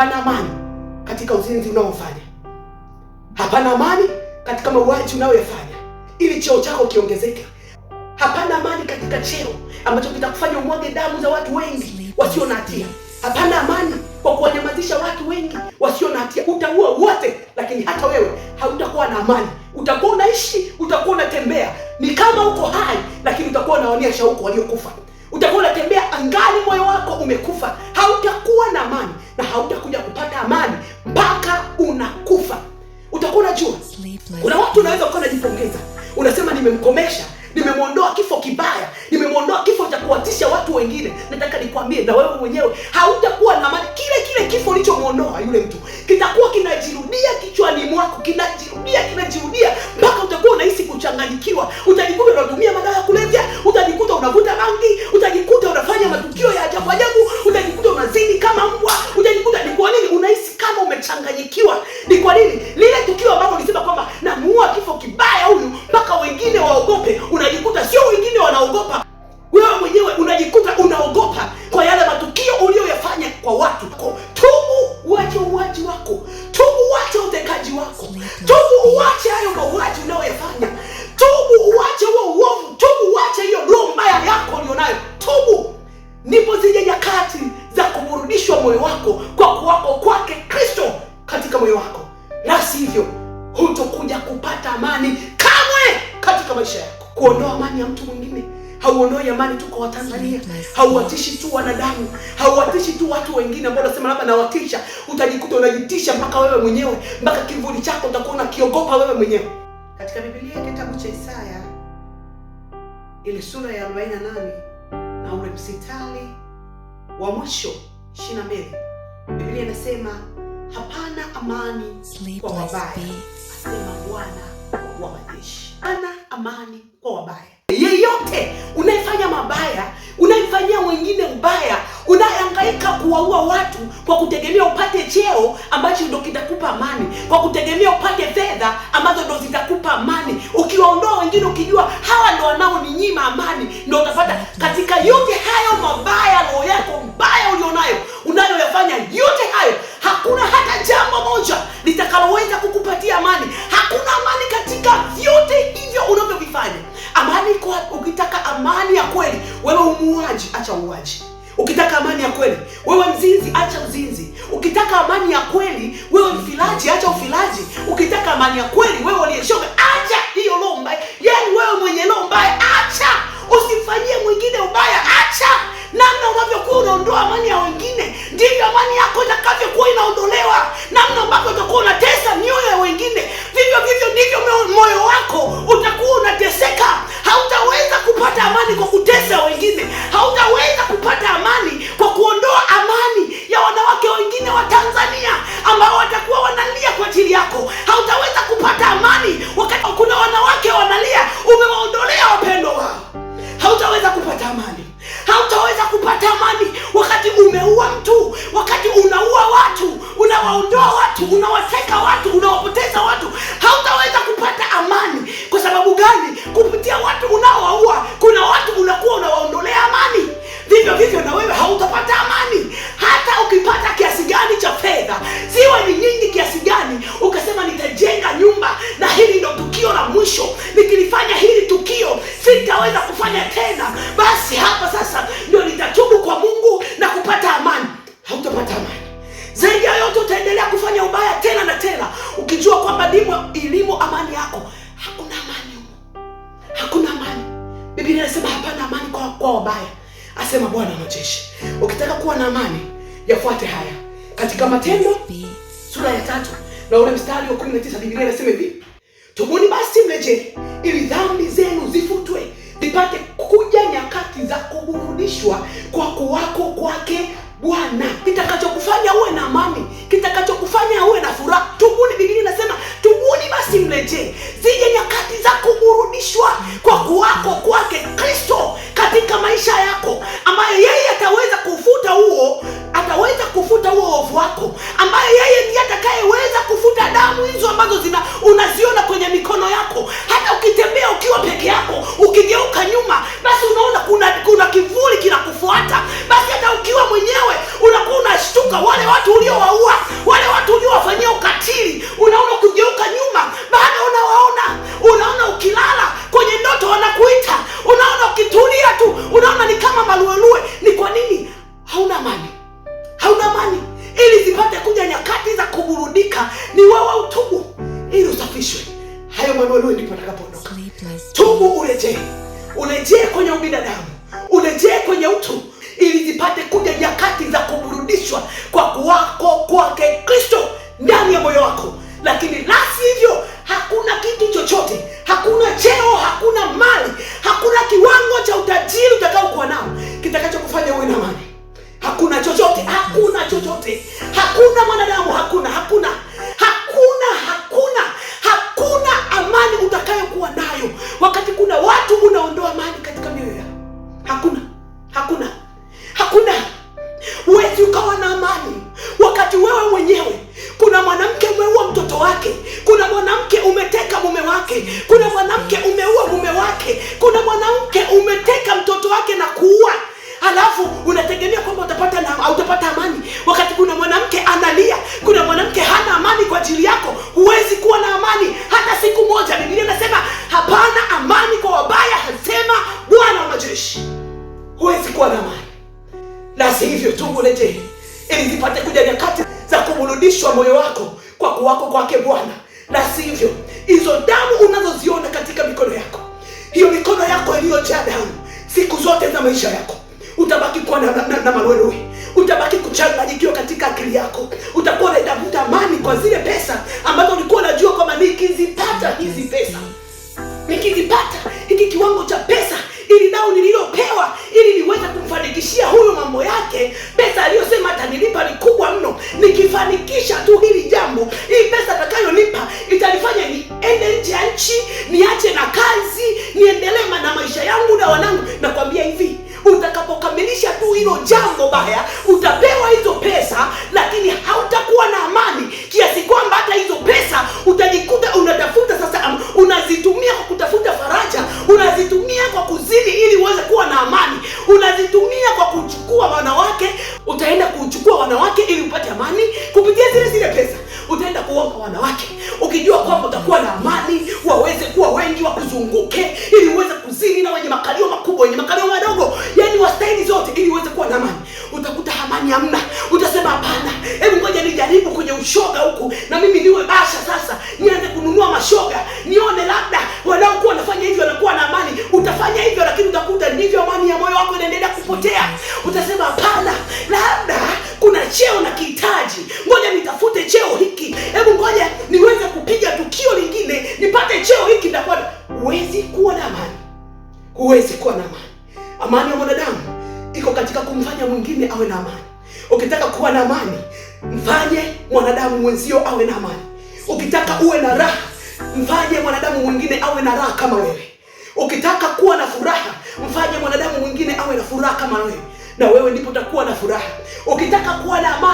Hapana amani katika uzinzi unaofanya, hapana amani katika mauaji unayoyafanya ili cheo chako kiongezeke. Hapana amani katika cheo ambacho kitakufanya umwage damu za watu wengi wasio na hatia. Hapana amani kwa kuwanyamazisha watu wengi wasio na hatia. Utaua wote, lakini hata wewe hautakuwa na amani. Utakuwa unaishi, utakuwa unatembea, ni kama uko hai, lakini utakuwa unaonyesha huko waliokufa utakuwa unatembea angali moyo wako umekufa. Hautakuwa na amani na hautakuja kupata amani mpaka unakufa. Utakuwa unajua, kuna watu unaweza ukawa unajipongeza, unasema nimemkomesha nimemwondoa kifo kibaya, nimemwondoa kifo cha kuwatisha watu wengine. Nataka nikwambie na wewe mwenyewe hautakuwa na mali Kile kile kifo ulichomwondoa yule mtu kitakuwa kinajirudia kichwani mwako, kinajirudia, kinajirudia mpaka utakuwa unahisi kuchanganyikiwa. Utajikuta unatumia madawa ya kulevya, utajikuta unavuta bangi, utajikuta unafanya matukio amani tu kwa Watanzania, hauwatishi tu wanadamu, hauwatishi tu watu wengine ambao unasema labda nawatisha. Utajikuta unajitisha mpaka wewe mwenyewe, mpaka kivuli chako utakuwa unakiogopa wewe mwenyewe. Katika Biblia kitabu cha Isaya ile sura ya 48 na ule msitali wa mwisho 22, Biblia inasema hapana amani kwa wabaya, asema Bwana wa majeshi, hapana amani kwa wabaya Yeyote unayefanya mabaya, unayemfanyia wengine mbaya unayehangaika kuwaua watu kwa kutegemea upate cheo ambacho ndo kitakupa amani, kwa kutegemea upate fedha ambazo ndo zitakupa amani, ukiwaondoa wengine ukijua hawa ndo wanaoninyima amani, ndo utapata katika yote hayo mabaya, roho yako mbaya ulionayo, unayoyafanya yote hayo, hakuna hata jambo moja litakaloweza kukupatia amani. haiko hapo. ukitaka amani ya kweli wewe umuaji, acha uaji. Ukitaka amani ya kweli wewe mzinzi, acha uzinzi. Ukitaka amani ya kweli wewe mfilaji, acha ufilaji. Ukitaka amani ya kweli wewe uliyesho wako, hautaweza kupata amani. Wakati kuna wanawake wanalia, umewaondolea wapendo wao, hautaweza kupata amani. Hautaweza kupata amani wakati umeua mtu, wakati unaua watu, unawaondoa watu, unawaseka watu katika Matendo sura ya tatu na ule mstari wa tisa Biblia inasema hivi, tubuni basi mleje, ili dhambi zenu zifutwe, zipate kuja nyakati za kuburudishwa kwa kuwako kwake Bwana. Kitakachokufanya uwe na amani, kitakachokufanya uwe na furaha, tubuni. Biblia inasema tubuni basi mleje, zije nyakati za kuburudishwa kwa kuwako kwake Kristo katika maisha yako, ambayo yeye ataweza kufuta huo yung pinadala. kuna mwanamke umeteka mtoto wake na kuua na maisha yako, utabaki kuwa na, na, na, na malwelwe, utabaki kuchanganyikiwa katika akili yako, utakuwa unaitafuta amani kwa zile pesa ambazo ulikuwa unajua kwamba nikizipata hizi pesa, nikizipata hiki kiwango cha pesa ili nao nililopewa ili niweze kumfanikishia huyo mambo yake, pesa aliyosema atanilipa ni kubwa mno. Nikifanikisha tu hili jambo, hii pesa atakayonipa itanifanya niende nje ya nchi, niache na kazi, niendelee na maisha yangu na wanangu. Nakwambia hivi, utakapokamilisha tu hilo jambo baya, utapewa hizo pesa, lakini hautakuwa na amani kiasi kwamba hata hizo pesa utajikuta unatafuta sasa, unazitumia kwa kutafuta faraja, unazitumia kwa kuzini ili uweze kuwa na amani, unazitumia kwa kuchukua wanawake, utaenda kuchukua wanawake ili upate amani kupitia zile zile pesa, utaenda kuomba wanawake ukijua kwamba utakuwa na amani, waweze kuwa wengi wakuzunguke ili uweze kuzini na wenye makalio makubwa, wenye makalio madogo, yani wa staili zote, ili uweze kuwa na amani. Utakuta amani hamna, utasema hapana, hebu ngoja nijaribu kwenye ushoga huku, na mimi niwe basha sasa, nianze kununua mashoga, nione labda wanaokuwa wanafanya hivyo wanakuwa na amani. Utafanya hivyo, lakini utakuta ndivyo amani ya moyo wako inaendelea kupotea. Utasema hapana, labda kuna cheo na kihitaji, ngoja nitafute cheo hiki, hebu ngoja niweze kupiga tukio lingine nipate cheo hiki, nitakuwa huwezi kuwa na amani huwezi kuwa na amani. Amani ya mwanadamu iko katika kumfanya mwingine awe na amani. Ukitaka kuwa na amani, mfanye mwanadamu mwenzio awe na amani. Ukitaka uwe na raha, mfanye mwanadamu mwingine awe na raha kama wewe. Ukitaka kuwa na furaha, mfanye mwanadamu mwingine awe na furaha kama wewe, na wewe ndipo utakuwa na furaha. Ukitaka kuwa na amani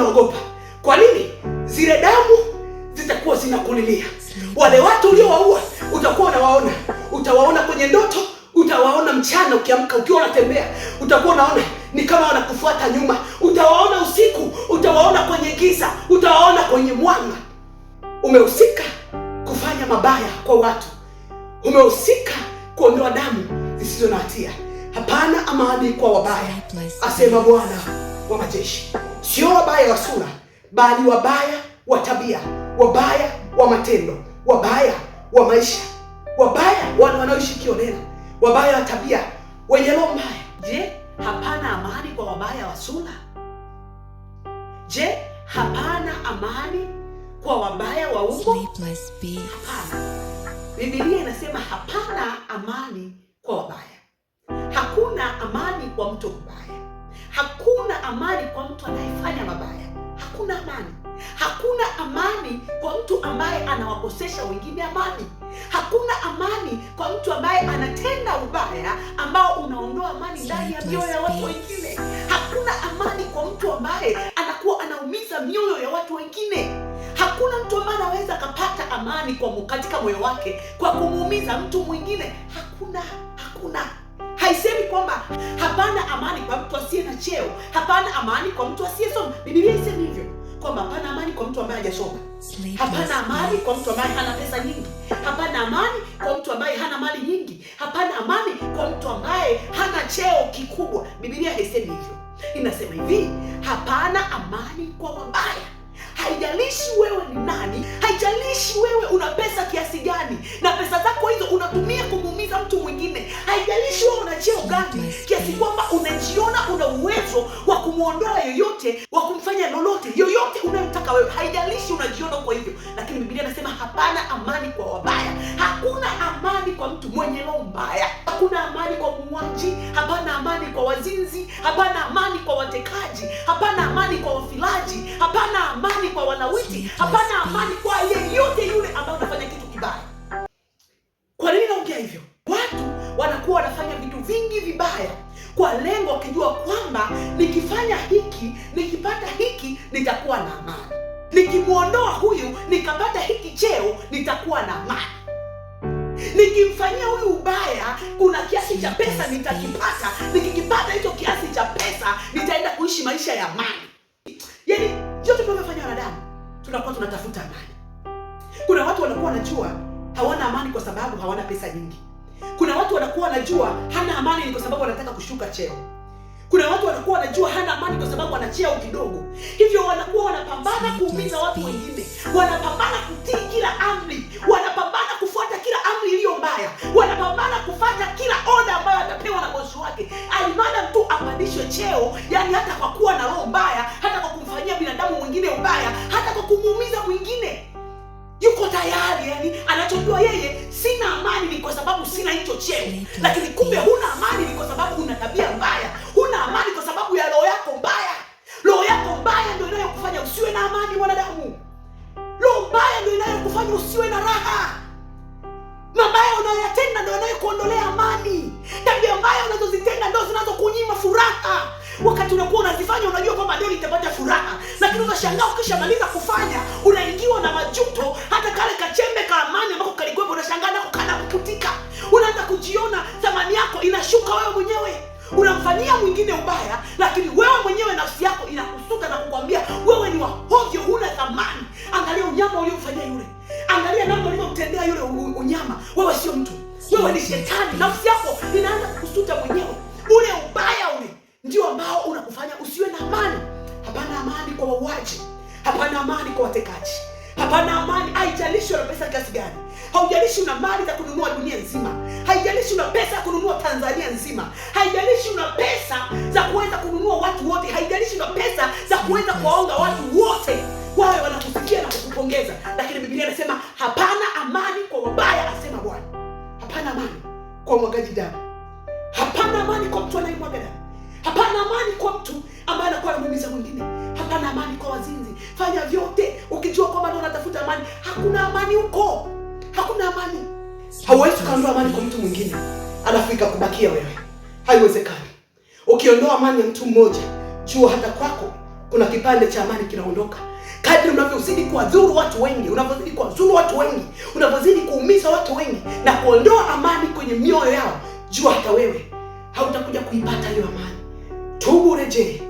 unaogopa. Kwa nini? Zile damu zitakuwa zinakulilia. Wale watu uliowaua utakuwa unawaona, utawaona kwenye ndoto, utawaona mchana ukiamka, ukiwa unatembea utakuwa unaona ni kama wanakufuata nyuma, utawaona usiku, utawaona kwenye giza, utawaona kwenye mwanga. Umehusika kufanya mabaya kwa watu, umehusika kuondoa damu zisizo na hatia. Hapana amani kwa wabaya, asema Bwana wa majeshi sio wabaya wa sura, bali wabaya wa tabia, wabaya wa matendo, wabaya wa maisha, wabaya wale wanaoishi kiolela, wabaya wa tabia, wenye roho mbaya. Je, hapana amani kwa wabaya wa sura? Je, hapana amani kwa wabaya wa uko? Hapana. Biblia inasema hapana amani kwa wabaya. Hakuna amani kwa mtu mbaya. Hakuna amani kwa mtu anayefanya mabaya, hakuna amani. Hakuna amani kwa mtu ambaye anawakosesha wengine amani. Hakuna amani kwa mtu ambaye anatenda ubaya ambao unaondoa amani ndani ya mioyo ya watu wengine. Hakuna amani kwa mtu ambaye anakuwa anaumiza mioyo ya watu wengine. Hakuna mtu ambaye anaweza akapata amani kwa katika moyo wake kwa kumuumiza mtu mwingine. Hakuna, hakuna. Haisemi kwamba hapana amani kwa mtu cheo. Hapana amani kwa mtu asiyesoma. Biblia isemi hivyo kwamba hapana amani kwa mtu ambaye hajasoma. Hapana amani kwa mtu ambaye hana pesa nyingi. Hapana amani kwa mtu ambaye hana mali nyingi. Hapana amani kwa mtu ambaye hana cheo kikubwa. Biblia haisemi hivyo, inasema hivi, hapana amani kwa wabaya. Haijalishi wewe ni nani, haijalishi wewe una pesa kiasi gani, na pesa zako hizo unatumia kumuumiza mtu mwingine. Haijalishi wewe una cheo gani, kiasi kwamba unajiona una uwezo wa kumwondoa yoyote, wa kumfanya lolote, yoyote unayotaka wewe, haijalishi unajiona kwa hivyo. Lakini Biblia inasema hapana amani kwa wabaya. Hakuna amani kwa mtu mwenye roho mbaya, hakuna amani kwa muuaji, hapana amani kwa wazinzi, hapana amani kwa watekaji, hapana amani kwa wafilaji, hapana amani kwa wanawiti, hapana amani kwa yeyote yule ambaye unafanya kitu kibaya. Kwa nini naongea hivyo? wanakuwa wanafanya vitu vingi vibaya kwa lengo wakijua kwamba nikifanya hiki, nikipata hiki nitakuwa na amani, nikimwondoa huyu nikapata hiki cheo nitakuwa na amani, nikimfanyia huyu ubaya kuna kiasi cha pesa nitakipata, nikikipata hicho kiasi cha pesa nitaenda kuishi maisha ya amani. Yaani vyote tunavyofanya wanadamu tunakuwa tunatafuta amani. Kuna watu wanakuwa wanajua hawana amani kwa sababu hawana pesa nyingi kuna watu wanakuwa wanajua hana amani ni kwa sababu wanataka kushuka cheo. Kuna watu wanakuwa wanajua hana amani kwa sababu ana cheo kidogo, hivyo wanakuwa wanapambana kuumiza watu wengine, wanapambana kutii kila amri, wanapambana kufuata kila amri iliyo mbaya, wanapambana kufuata kila oda ambayo atapewa na bosi wake, Alimana mtu apandishwe cheo. Yani hata kwa kuwa na roho mbaya, hata kwa kumfanyia binadamu mwingine ubaya, hata kwa kumuumiza mwingine, yuko tayari. Yani anachojua yeye kwa sababu sina hicho cheo, lakini kumbe huna amani ni kwa sababu una tabia mbaya. Huna amani kwa sababu ya roho yako mbaya. Roho yako mbaya ndio inayokufanya usiwe na amani, mwanadamu. Roho mbaya ndio inayokufanya usiwe na raha. Mabaya unayotenda ndio yanayokuondolea amani. Tabia mbaya unazozitenda ndio zinazokunyima furaha wakati unakuwa unazifanya unajua kwamba leo nitapata furaha, lakini unashangaa ukishamaliza kufanya unaingiwa na majuto, hata kale kachembe ka amani ambako kalikuwepo unashangaa nako kana kuputika. Unaanza kujiona thamani yako inashuka, wewe mwenyewe unamfanyia mwingine ubaya, lakini wewe mwenyewe nafsi yako inakusuka na kukwambia wewe ni wahovyo, huna thamani. Angalia unyama uliomfanyia yule, angalia namna ulivyomtendea yule unyama. Wewe sio mtu, wewe ni shetani. Nafsi yako inaanza kukusuta mwenyewe, ule ubaya ule ndio ambao unakufanya usiwe na amani. Hapana amani kwa wauaji, hapana amani kwa watekaji, hapana amani. Haijalishi una pesa kiasi gani, haujalishi una mali za kununua dunia nzima, haijalishi una pesa ya kununua Tanzania nzima, haijalishi una pesa za kuweza kununua watu wote, haijalishi una pesa za kuweza kuwaonga watu wote, wawe wanakusikia na kukupongeza. Lakini Biblia inasema hapana amani kwa wabaya, asema Bwana. Hapana amani kwa mwagaji damu, hapana amani kwa mtu anayemwaga damu. Hapana amani kwa mtu ambaye anakuwa anamuumiza mwingine. Hapana amani kwa wazinzi. Fanya vyote ukijua kwamba ndio unatafuta amani. Hakuna amani huko, hakuna amani. Hauwezi kuondoa amani kwa mtu mwingine alafu ikakubakia wewe, haiwezekani. Ukiondoa amani ya mtu mmoja, jua hata kwako kuna kipande cha amani kinaondoka. Kadri unavyozidi kuwadhuru watu wengi, unavyozidi kuwadhuru watu wengi, unavyozidi kuumiza watu wengi na kuondoa amani kwenye mioyo yao, jua hata wewe hautakuja kuipata hiyo amani je?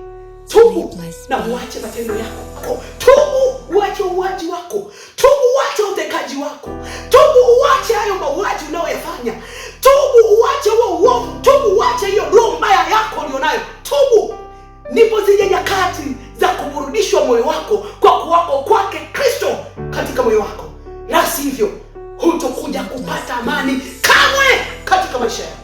Tubu na uache matendo yako. Tubu uache uwaji wako. Tubu uache utekaji wako. Tubu uache hayo mauaji unayoyafanya. Tubu uache huo uovu. Tubu uache hiyo roho mbaya yako ulionayo. Tubu ndipo zije nyakati za kuburudishwa moyo wako kwa kuwako kwake Kristo katika moyo wako, la sivyo hutokuja kupata amani kamwe katika maisha yako.